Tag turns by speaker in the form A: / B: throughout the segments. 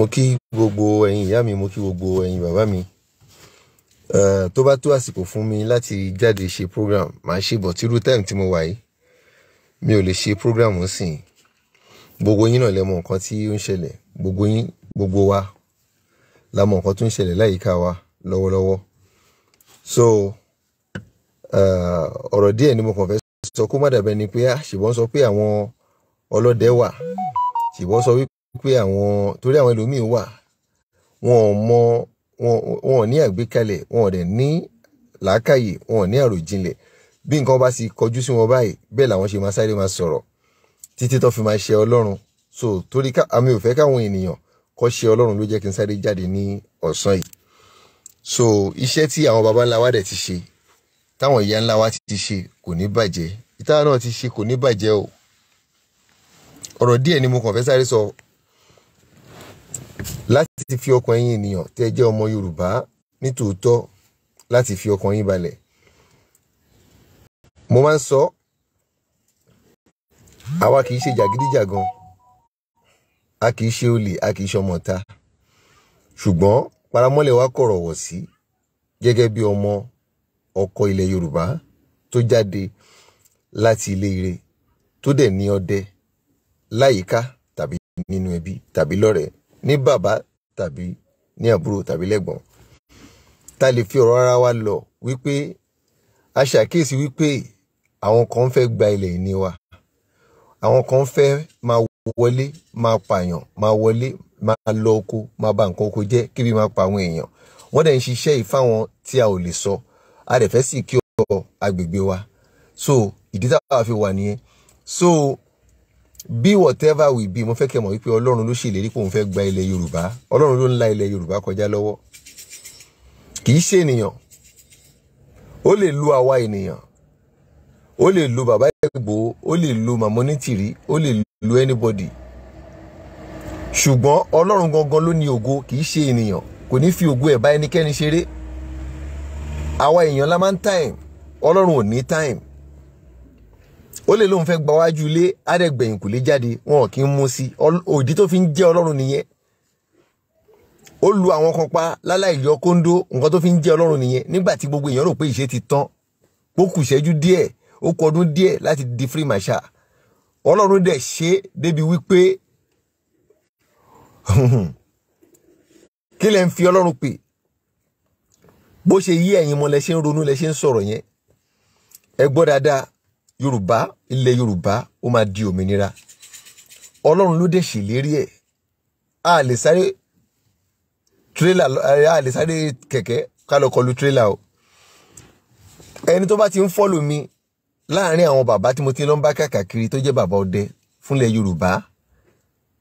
A: mo kí gbogbo ẹ̀yin ìyá mi mo kí gbogbo ẹ̀yin bàbá mi uh, tó bá tó àsìkò fún mi láti jáde ṣe program màá ṣe bọ̀ tírú time tí mo wà yìí mi ò lè ṣe program sìn gbogbo yín náà lè mọ nǹkan tí ó ń ṣẹlẹ̀ gbogbo yín gbogbo wa la mọ nǹkan tó ń ṣẹlẹ̀ láyìíká wa lọ́wọ́lọ́wọ́ so ọ̀rọ̀ díẹ̀ ni mo kàn fẹ́ sọ kó má dàbẹ́ ni pé ah, ṣùgbọ́n sọ pé àwọn ọlọ́dẹ wà ṣùgbọ́n sọ wípé pé àwọn torí àwọn ẹlòmíín wà wọn ò mọ wọn ò ní àgbékalẹ̀ wọn ò dẹ̀ ní làákàyè wọn ò ní àròjinlẹ̀ bí nǹkan bá sì kọjú sí wọn báyìí bẹ́ẹ̀ làwọn ṣe máa sáré máa sọ̀rọ̀ títí tó fi máa ṣe ọlọ́run so torí àmì òfẹ́ káwọn ènìyàn kọ́ ṣe ọlọ́run ló jẹ́ kí n sáré jáde ní ọ̀sán yìí so iṣẹ́ tí àwọn baba ńlá wa dẹ̀ ti ṣe táwọn ìyá ńlá wa ti ṣe kò ní bàjẹ́ ìtara náà ti ṣe kò ní bàjẹ́ o ọ̀rọ̀ díẹ̀ ni mo kàn fẹ́ sáré sọ láti fi ọkàn ẹ̀yin ènìyàn tẹ́ jẹ́ ọmọ Yorùbá nítòótọ́ láti fi ọkàn yín balẹ̀ mo máa ń sọ àwa kì í ṣe jàgídíjàgan a kì í ṣe olè a kì í ṣe ọmọọ̀ta ṣùgbọ́n paramọ́lẹ̀ wa kọ̀rọ̀ wọ̀ sí gẹ́gẹ́ bí ọmọ ọkọ ilẹ̀ Yorùbá tó jáde láti ilé ire tó dẹ̀ ní ọdẹ láyìíká tàbí nínú ẹbí tàbí lọ́rẹ̀ẹ́ ní bàbá tàbí ní àbúrò tàbí lẹ́gbọ̀n tá a lè fi ọ̀rọ̀ ara wa lọ wípé a ṣàkíyèsí wípé àwọn kan fẹ́ gba ilẹ̀ ìní wa àwọn kan fẹ́ máa wọlé máa pààyàn máa wọlé máa lọ oko máa bà nǹkan oko jẹ́ kíbi máa pa àwọn èèyàn wọ́n dẹ̀ ń ṣiṣẹ́ ìfáwọn tí a ò lè sọ a dẹ̀ fẹ́ sì kí ọ̀rọ̀ agbègbè wa so ìdí táwa fi wà nìyẹn so be whatever we be mo fẹ́ kẹ́ mọ̀ wípé ọlọ́run ló ṣèlérí pé òun fẹ́ gba ilẹ̀ yorùbá ọlọ́run ló ń la ilẹ̀ yorùbá kọjá lọ́wọ́ kì í ṣe ènìyàn ó lè lu àwa ènìyàn ó lè lu bàbá Ìgbò ó lè lu màmá Onítìrí ó lè lu anybody ṣùgbọ́n ọlọ́run gangan ló ní ògo kì í ṣe ènìyàn kò ní fi ògo ẹ̀ bá ẹnikẹ́ni ṣeré àwa èèyàn la máa ń time ọlọ́run ò ní time ó lè lóun fẹ́ gba wájú ilé àdẹ̀gbẹ̀yìn kò lè jáde wọn ò kí ń mú sí òdì tó fi ń jẹ́ ọlọ́run nìyẹn ó lu àwọn kan pa láláì yọ kóńdó nǹkan tó fi ń jẹ́ ọlọ́run nìyẹn nígbà tí gbogbo èèyàn rò pé ìṣe ti tán ó kù ìṣẹ́jú díẹ̀ ó kù ọdún díẹ̀ láti di free masha ọlọ́run dẹ̀ ṣe débi wípé kí lẹ ń fi ọlọ́run pè bó ṣe yí ẹ̀yin mọ́ lẹ ṣe ń ronú lẹ ṣe ń sọ̀rọ̀ yẹn ẹ gbọ́ dáadáa yorùbá ilẹ̀ yorùbá ó máa di òmìnira ọlọ́run ló dé ṣèlérí ẹ̀ a lè sáré tírélà a lè sáré kẹ̀kẹ́ ká lọ o ẹni tó bá ti ń fọ́lù mi láàárín àwọn bàbá tí mo ti lọ ń bá kàkàkiri tó jẹ́ bàbá ọdẹ fúnlẹ̀ yorùbá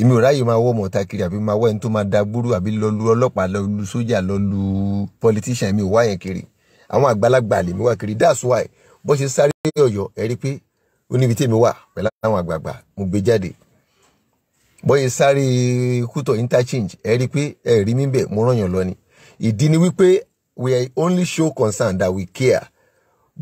A: èmi ò ráyè máa wọ́ mọ̀ọ́ta kiri àbí máa wọ́ ẹni tó máa da gbúrú àbí lọ lu ọlọ́pàá lọ lu sójà lọ lu politician mi ò wá yẹn kiri àwọn àgbàlagbà lèmi wá kiri that's why bó ṣe sáré ọ̀yọ́ ẹ rí i pé ó níbi tí èmi wà pẹ̀lú àwọn àgbààgbà mo gbé jáde bó ṣe sáré kútọ̀ interchange ẹ rí i pé ẹ rí mi bẹ̀ mo rànyàn lọ ni ìdí ni wípé we are only show concern that we care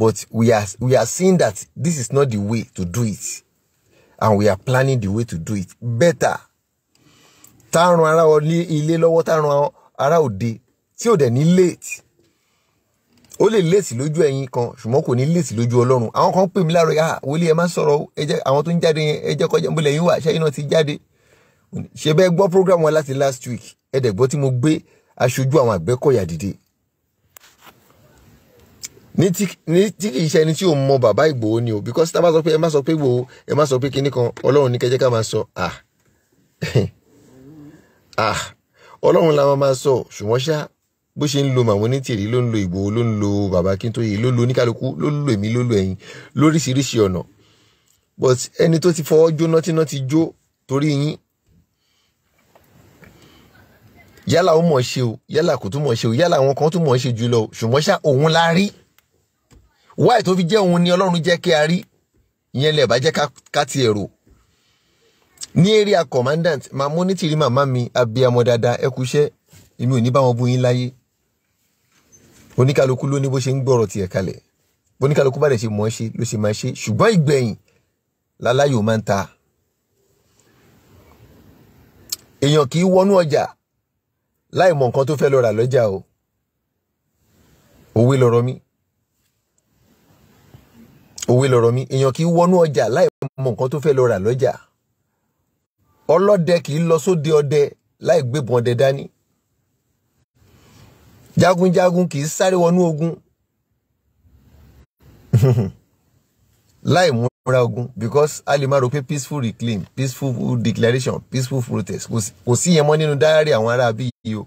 A: but we are we are seeing that this is not the way to do it and we are planning the way to do it better tá a ran ara ilé lọ́wọ́ tá a ran ara òde tí ò dẹ̀ ní late ó lè léèsì lójú ẹ̀yin kan ṣùgbọ́n kò ní léèsì lójú ọlọ́run àwọn kan pè mí láàárọ̀ yá ah, wọlé ẹ má sọ̀rọ̀ ẹ jẹ́ àwọn tó ń jáde yẹn ẹ kọjá mbọlẹ̀ yín wà ṣẹ́yìn náà ti jáde ṣe bẹ́ẹ̀ gbọ́ program wa láti last week ẹ dẹ̀ gbọ́ tí mo gbé aṣojú àwọn àgbẹ̀kọ̀yà dìde ní tí kì í ṣe ẹni tí ò mọ bàbá Ìgbòho ni o because tá a bá sọ pé ẹ má sọ pé Ìgbòho ẹ má sọ pé kinní kan ọlọ́run ní kẹjẹ́ ká máa sọ ah ah ọlọ́run la máa máa sọ ṣùgbọ́n ṣá bó ṣe ń lo màwọn onítìrí ló ń lo Ìgbòho ló ń lo bàbá Akíntóyè ló ń lo oníkálukú ló ń lo èmi ló ń lo ẹ̀yin lóríṣiríṣi ọ̀nà but ẹni tó ti fọwọ́ jóná tíná ti jó torí yín yálà ó mọ̀ ṣe o yálà kò tún mọ̀ ṣe o yálà àwọn kan tún mọ̀ ṣe jù lọ ṣùgbọ́n ṣá òun la rí wáì tó fi jẹ́ òun ni Ọlọ́run jẹ́ kí a rí ìyẹn lè bá ká ti èrò ní area commandant màmú onítìrí màmá mi abiyamọ dáadáa ẹ kúṣẹ́ èmi ò ní bá wọn bú láyé oníkálukú ló ní bó ṣe ń gbọ́rọ̀ tiẹ̀ kalẹ̀ oníkálukú bá dẹ̀ ṣe mọ̀ ọ́ ṣe ló ṣe máa ṣe ṣùgbọ́n ìgbẹ̀yìn láláyò máa ń ta èèyàn kì í wọnú ọjà láì mọ̀ nǹkan tó fẹ́ lọ rà lọ́jà o òwe lọ̀rọ̀ mi òwe lọ̀rọ̀ mi èèyàn kì í wọnú ọjà láì mọ̀ nǹkan tó fẹ́ lọ rà lọ́jà ọlọ́dẹ kì í lọ sóde ọdẹ láì gbébọn ọdẹ dání jagunjagun kì í sáré wọnú ogun láì múra ogun because a lè máa rò pé peaceful reclaim peaceful declaration peaceful protest kò sí yẹn mọ́ nínú dáárì àwọn ará bí yìí o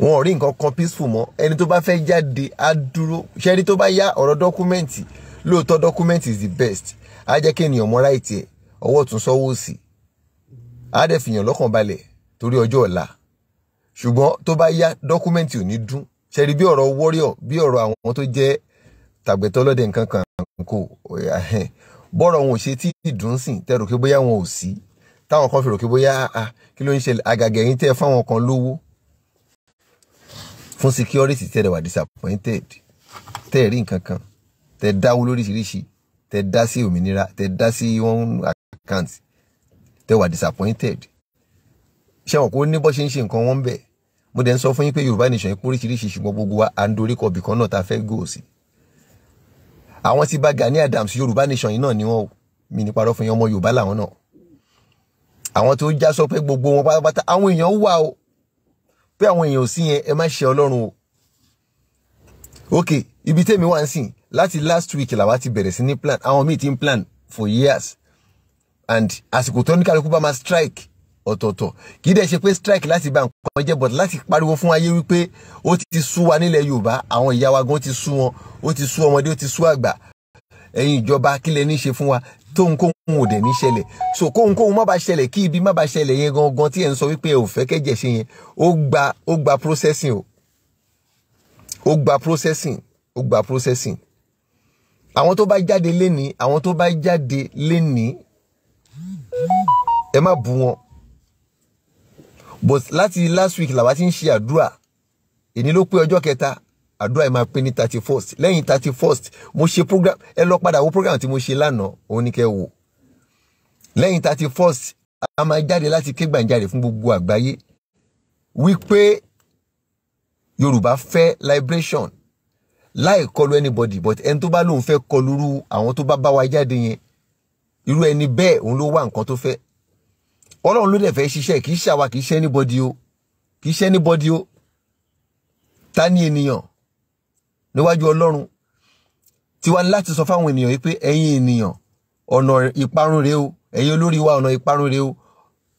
A: wọn ò rí nǹkan kan peaceful mọ́ ẹni tó bá fẹ́ jáde á dúró ṣẹ́ni tó bá yá ọ̀rọ̀ dọ́kúmẹ́ǹtì lóòótọ́ dọ́kúmẹ́ǹtì is the best á jẹ́ kí ènìyàn mọ́ra ìtì ẹ̀ ọwọ́ tún sọ́wọ́ sí i á dẹ̀ fìyàn lọ́kàn balẹ̀ torí ọjọ́ ọ̀la ṣùgbọ́n tó bá yá dọ́kúmẹ́ǹtì ò ní dún ṣẹ́rí bí ọ̀rọ̀ warrior bí ọ̀rọ̀ àwọn tó jẹ́ tàgbẹ̀tọ́ lọ́dẹ nǹkan kan kò bọ́rọ̀ wọn ò ṣe tí ìdùn sìn tẹ́ rò pé bóyá wọn ò sí táwọn kan fi rò pé bóyá kí ló ń ṣẹlẹ̀ àgàgẹ̀yìn tẹ́ fáwọn kan lówó fún security tẹ́ rẹ̀ disappointed tẹ́ rí nǹkan kan tẹ́ dáwó lóríṣiríṣi tẹ́ dá sí òmìnira tẹ́ dá sí one account tẹ́ wà disappointed ṣé wọn kò ní bó ṣe ń ṣe nǹkan wọn bẹ́ẹ̀ mo dẹ̀ ń sọ fún yín pé yorùbá nation yìí póríṣiríṣi ṣùgbọ́n gbogbo wa à ń dorí bìkan náà tá fẹ́ gò sí. àwọn tí bá Gani Adams yorùbá nation yìí náà ni wọn mi ní parọ́ fún yín ọmọ yorùbá làwọn náà. àwọn tó já sọ pé gbogbo wọn pátápátá àwọn èèyàn wà o pé àwọn èèyàn ò sí yẹn ẹ má ṣe ọlọ́run o. ok ibi tèmi wà ń sìn láti last week làwa ti bẹ̀rẹ̀ sí ní plan àwọn míì ti ń plan for years and àsìkò tó ní kálukú bá máa strike ọ̀tọ̀ọ̀tọ̀ kì í dẹ̀ ṣe pé strike láti bá nǹkan jẹ́ but láti pariwo fún ayé wípé ó ti sú wa nílẹ̀ Yorùbá àwọn ìyá wa gan ti sú wọn ó ti sú ọmọdé ó ti sú àgbà ẹ̀yin ìjọba kí lẹ ní ṣe fún wa tóhunkóhun ò dẹ̀ ní ṣẹlẹ̀ so kóhunkóhun má ba ṣẹlẹ̀ kí ibi má ba ṣẹlẹ̀ yẹn gangan tí ẹ̀ ń sọ wípé ẹ̀ ò fẹ́ kẹ́jẹ̀ ṣe yẹn ó gba ó gba processing o ó gba processing ó gba processing àwọn tó bá jáde lénìí àwọn tó bá jáde lénìí ẹ má bú wọn but láti last week làwa ti ń ṣe àdúrà èní ló pé ọjọ́ kẹta àdúrà yìí máa pé ní thirty first lẹ́yìn thirty first mo ṣe program ẹ lọ padà wo program tí mo ṣe lánàá òun ni kẹ́ wò lẹ́yìn thirty first a máa jáde láti ké gbàǹjarè fún gbogbo àgbáyé wípé Yorùbá fẹ́ liberation láì kọlu anybody but ẹni tó bá lóun fẹ́ kọlu irú àwọn tó bá bá wa jáde yẹn irú ẹni bẹ́ẹ̀ òun ló wá nǹkan tó fẹ́ ọlọ́run ló dẹ̀ fẹ́ ṣiṣẹ́ kì í ṣàwa kì í ṣe anybody o kì í ṣe anybody o ta ni ènìyàn níwájú ọlọ́run tiwa ni láti sọ fáwọn ènìyàn yìí pé ẹ̀yin ènìyàn ọ̀nà ìparun rèé o ẹ̀yin olórí wa ọ̀nà ìparun rèé o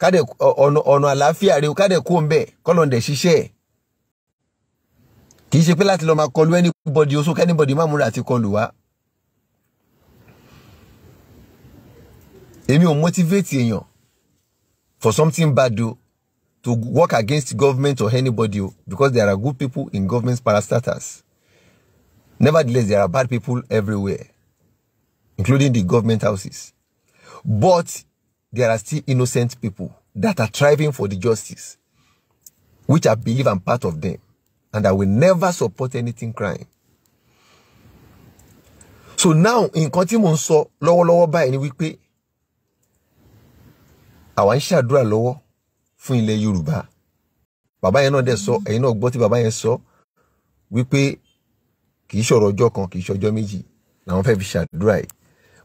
A: kádẹ ọ̀nà àlàáfíà rèé o kádẹ kó o ń bẹ̀ kọ́lọ́n dẹ̀ ṣiṣẹ́ ẹ̀ kì í ṣe pé láti lọ máa kọlu anybody o so anybody má múra àti kọlù wa. èmi ò motivate èèyàn for something bad do to work against government or anybody oh, because there are good people in government parastatals nevertheless there are bad people everywhere including the government houses but there are still innocent people that are striving for the justice which I believe I'm part of them and I will never support anything crime so now in tí mo ń sọ lọ́wọ́lọ́wọ́ any week wípé àwa ń ṣàdúrà lọ́wọ́ fún ilẹ̀ Yorùbá bàbá yẹn náà dẹ̀ sọ ẹ̀yin náà gbọ́ tí bàbá yẹn sọ wípé kì í ṣọ̀rọ̀ ọjọ́ kan kì í ṣọjọ́ méjì làwọn fẹ́ẹ́ fi ṣàdúrà yìí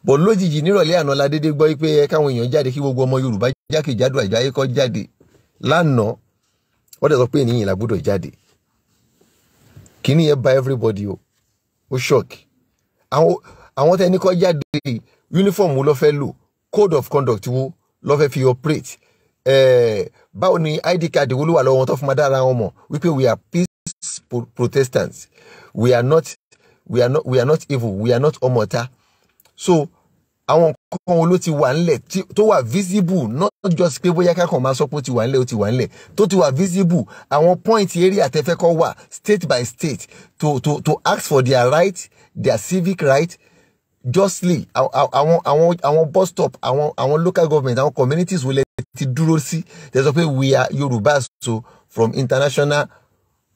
A: bọ̀ lójijì nírọ̀lẹ́ àná la dédé gbọ́ pé ẹ káwọn èèyàn jáde kí gbogbo ọmọ Yorùbá jákèjádò àgbáyé kó jáde lánàá wọ́n dẹ̀ sọ pé ènìyàn la gbọ́dọ̀ jáde kíní yẹn ba everybody o ó ṣọ́ọ̀kì àwọn tẹnikọ́ jáde uniform wo ló fẹ́ lò code of conduct wo lọ́fẹ́ fi operate báwo ni id card wo lọ́wọ́ wọn tó fún ma dára wọn mọ̀ wípé we are peace protestants we are not we are not we are not evil we are not ọmọọ̀tá so àwọn nǹkan wo ló ti wà ńlẹ̀ tó wà visible not just pé bóyá kákan máa sọ pé ó ti wà ńlẹ̀ ó ti wà ńlẹ̀ tó ti wà visible àwọn point area tẹ́fẹ́ kọ́ wà state by state to to to ask for their right their civic right justly àwọn àwọn àwọn bus stop àwọn àwọn local government àwọn communities wo lẹ ti dúró sí tẹ sọ pé we are Yorùbá so from international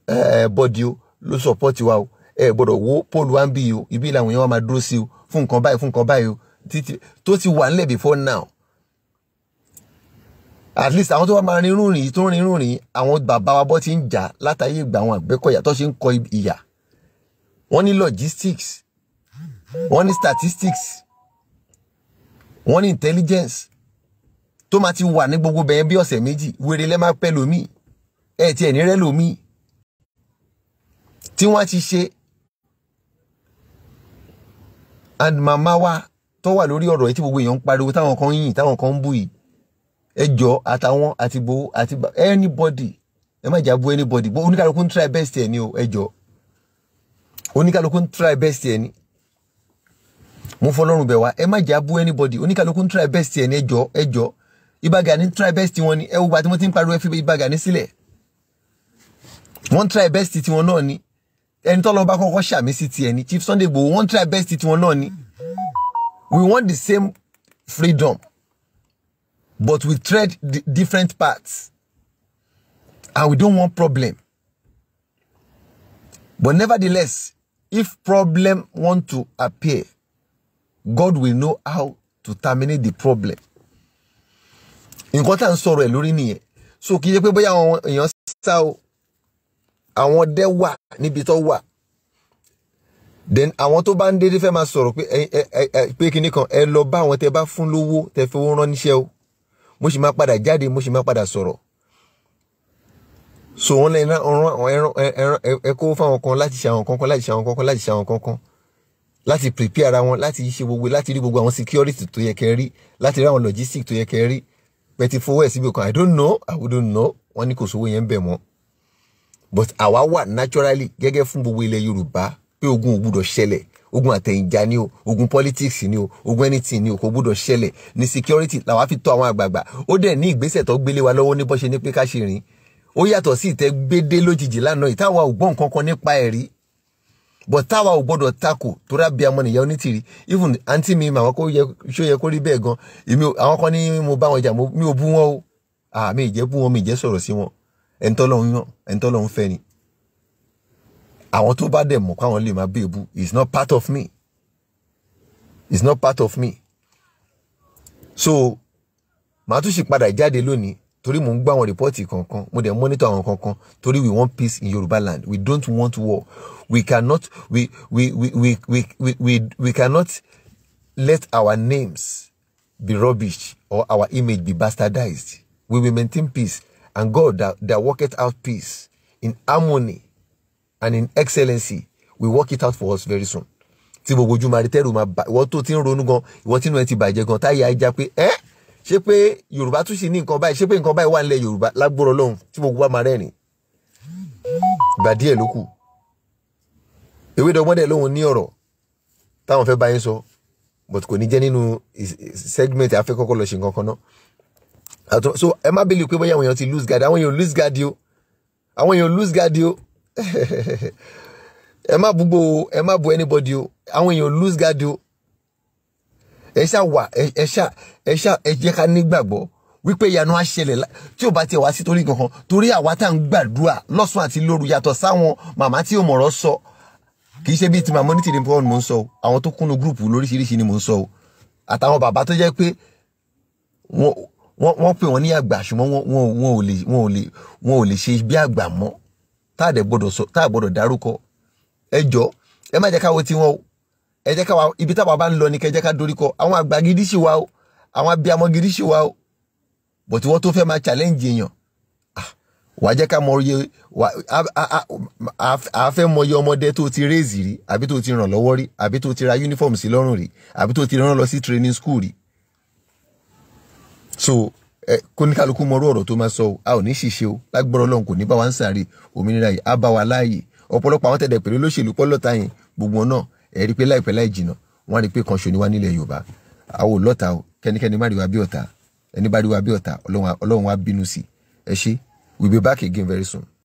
A: uh, body o ló support wa o ẹ gbọ́dọ̀ wo paul wa ń bí o ibi làwọn èèyàn wa máa dúró sí o fún nǹkan báyìí fún nǹkan báyìí o títí tó ti wà nílẹ̀ before now at least àwọn tó wà máa rinrún rìn tó rinrún rìn àwọn bàbá wa bọ́ ti ń jà látàyè ìgbà àwọn àgbẹ̀kọ̀yà tó ṣe ń kọ ìyà wọ́n ní logistics wọ́n ní statistics wọ́n ní intelligence tó máa ti wà ní gbogbo bẹ̀yẹn bí ọ̀sẹ̀ méjì wèrè lẹ́ máa pẹ́ lómi ẹ̀ tiẹ̀ ní rẹ́ lómi tí wọ́n ti ṣe and màmá wa tó wà lórí ọ̀rọ̀ yìí tí gbogbo èèyàn ń pariwo táwọn kan ń yìn táwọn kan ń bù yìí ẹ àtàwọn àti gbowó àti anybody ẹ má jà anybody oníkàlùkù ń try best ẹ ní o ẹ jọ oníkàlùkù ń try best ẹ ní mo fọlọ́run bẹ̀ wá ẹ má jà bú anybody oníkàlùkù ń try best ẹ̀ ní ẹjọ́ ẹjọ́ Ìbà Gani try best wọn ni ẹ wo bá tí wọ́n ti ń pariwo ẹ fi Ìbà Gani sílẹ̀ wọ́n try best tiwọn náà ni ẹni tọ́lọ́ bá kọ́kọ́ ṣàmì sí tiẹ̀ ni Chief Sunday Igboho wọ́n try best tiwọn náà ni we want the same freedom but we tread different paths and we don't want problem but nevertheless if problem want to appear God will know how to terminate the problem. nǹkan tá à ń sọ̀rọ̀ ẹ̀ lórí nìyẹn so kì í ṣe pé bóyá àwọn èèyàn sá o àwọn ọdẹ wà níbi tó wà then àwọn tó bá ń dédé fẹ́ máa sọ̀rọ̀ pé ẹ ẹ ẹ pé kinní kan ẹ lọ bá àwọn tẹ bá fún lówó tẹ fi owó rán níṣẹ́ o mo sì máa padà jáde mo sì máa padà sọ̀rọ̀ so wọn lè ran ẹ kó fáwọn kan láti ṣe àwọn kankan láti ṣe àwọn kankan láti ṣe àwọn kankan láti prepare ara wọn láti ṣe gbogbo e, láti rí gbogbo àwọn security tó yẹ kẹ́ rí láti rí àwọn logistics tó yẹ kẹ́ rí pẹ̀tí fowó ẹ̀ síbi kan i don't know i wouldn't know wọ́n ní kò sówó yẹn ń bẹ̀ but àwa wà naturally gẹ́gẹ́ fún gbogbo ilẹ̀ Yorùbá pé ogun ò gbúdọ̀ ṣẹlẹ̀ ogun àtẹ̀yìnjà ni o ogun politics ni o ogun anything ni o kò gbúdọ̀ ṣẹlẹ̀ ní security làwa fi tó àwọn àgbààgbà ó dẹ̀ ní ìgbésẹ̀ tó gbélé wa lọ́wọ́ ní bó ṣe ní pé ká ṣe rìn ó yàtọ̀ sí ìtẹ́gbédé lójijì lánàá ìtàwa ò gbọ́ nípa ẹ̀rí but táwa ò gbọ́dọ̀ takò torí abiyamọ nìyá onítìrí even àǹtí mi màwọn kò yẹ ṣó yẹ kó rí bẹ́ẹ̀ gan èmi àwọn kan ní mo bá wọn jà mi ò bú wọn o àmì ìjẹ́ bú wọn mi ìjẹ́ sọ̀rọ̀ sí wọn ẹ̀ńtọ́lọ́hún yàn ẹ̀ńtọ́lọ́hún fẹ́ ni àwọn tó bá dẹ̀ mọ̀ káwọn lè máa bèbú it's not part of me it's not part of me so màá tún sì padà jáde lónìí torí mò ń gbọ́ àwọn rìpọ́ọ̀tì kankan mo dẹ̀ mọ́nítọ̀ àwọn kankan torí we want peace in Yoruba land we don't want war we cannot we we we we we we we, we cannot let our names be rubbish or our image be bastardized we will maintain peace and God that, that it out peace in harmony and in excellency We work it out for us very soon tí gbogbo ojú máa rí tẹ́rù máa bá ìwọ tó ti ń ronú gan ìwọ tí inú ẹ ti bàjẹ́ gan táyà ẹ já pé ẹ́. Eh? ṣé pé yorùbá tún sì ní nǹkan báyìí ṣé pé nǹkan báyìí wà nílẹ̀ yorùbá lágbóró lọ́hùn tí gbogbo wa máa rẹ́rìn ìgbà díẹ̀ ló kù ewé dọgbọ́n dẹ̀ lóhun ní ọ̀rọ̀ táwọn fẹ́ bá yín sọ but kò ní jẹ́ nínú segment afẹ́kọ́kọ́ lọ ṣe nǹkan kan náà so ẹ má believe pé bóyá àwọn èèyàn ti lose guard àwọn èèyàn lose guard o àwọn èèyàn lose guard o ẹ má búgbò o ẹ má bu anybody o àwọn èèyàn lose guard o ẹ ṣá wà ẹ ṣá ẹ ṣá ẹ jẹ́ ká nígbàgbọ́ wípé ìyanu á ṣẹlẹ̀ tí ò bá tiẹ̀ wá sí torí kankan torí àwa tá à ń gbàdúrà lọ́sùn àti lóru yàtọ̀ sáwọn màmá tí ò mọ̀rọ̀ sọ kì í ṣe bíi ti màmá ní tìrìmù pọ́ùn mò ń sọ o àwọn tó kúnnu gúrùpù lóríṣiríṣi ni mò ń sọ o àtàwọn bàbá tó jẹ́ pé wọ́n pè wọ́n ní àgbà ṣùgbọ́n wọn ò lè wọn ò lè ṣe bí àgbà mọ́ tá à dẹ̀ gbọ́dọ̀ tá à gbọ́dọ̀ dárúkọ ẹ jọ ẹ má jẹ́ káwọ́ tiwọn o ẹ jẹ́ ká wa ibi táwa bá ń lọ ni kẹ́ jẹ́ ká dorí kọ àwọn àgbà gidi sì wà o àwọn abiyamọ gidi sì wà o bọ̀tí wọ́n tó fẹ́ máa challenge èèyàn wàá jẹ́ ká mọ iye àáfẹ́ mọ iye ọmọdé tó ti réèzì rí àbí tó ti ràn lọ́wọ́ rí àbí tó ti ra uniform sí lọ́rùn rí àbí tó ti rán lọ sí training school rí. so ẹ kóníkàlùkù mọrú ọ̀rọ̀ tó máa sọ o a ò ní ṣìṣe o lágbọ́rọ̀ ọlọ́run kò ní bá wa ń sàárè òmìnira yìí á bá wa láàyè ọ̀pọ̀lọpọ̀ àwọn tẹ̀dẹ̀ pẹ̀lú olóṣèlú pọ́lọ́ta yẹn gbogbo náà ẹ rí i pé láìpẹ́ láì jìnà wọ́n á rí i pé kan ṣo ni wá nílẹ̀ yorùbá àwọn olọ́ta kẹ́nikẹ́ni má rí wa bí ọ̀tá ẹni bá rí wa bí ọ̀tá ọlọ́run wa bínú sí ẹ ṣé we be back again very soon.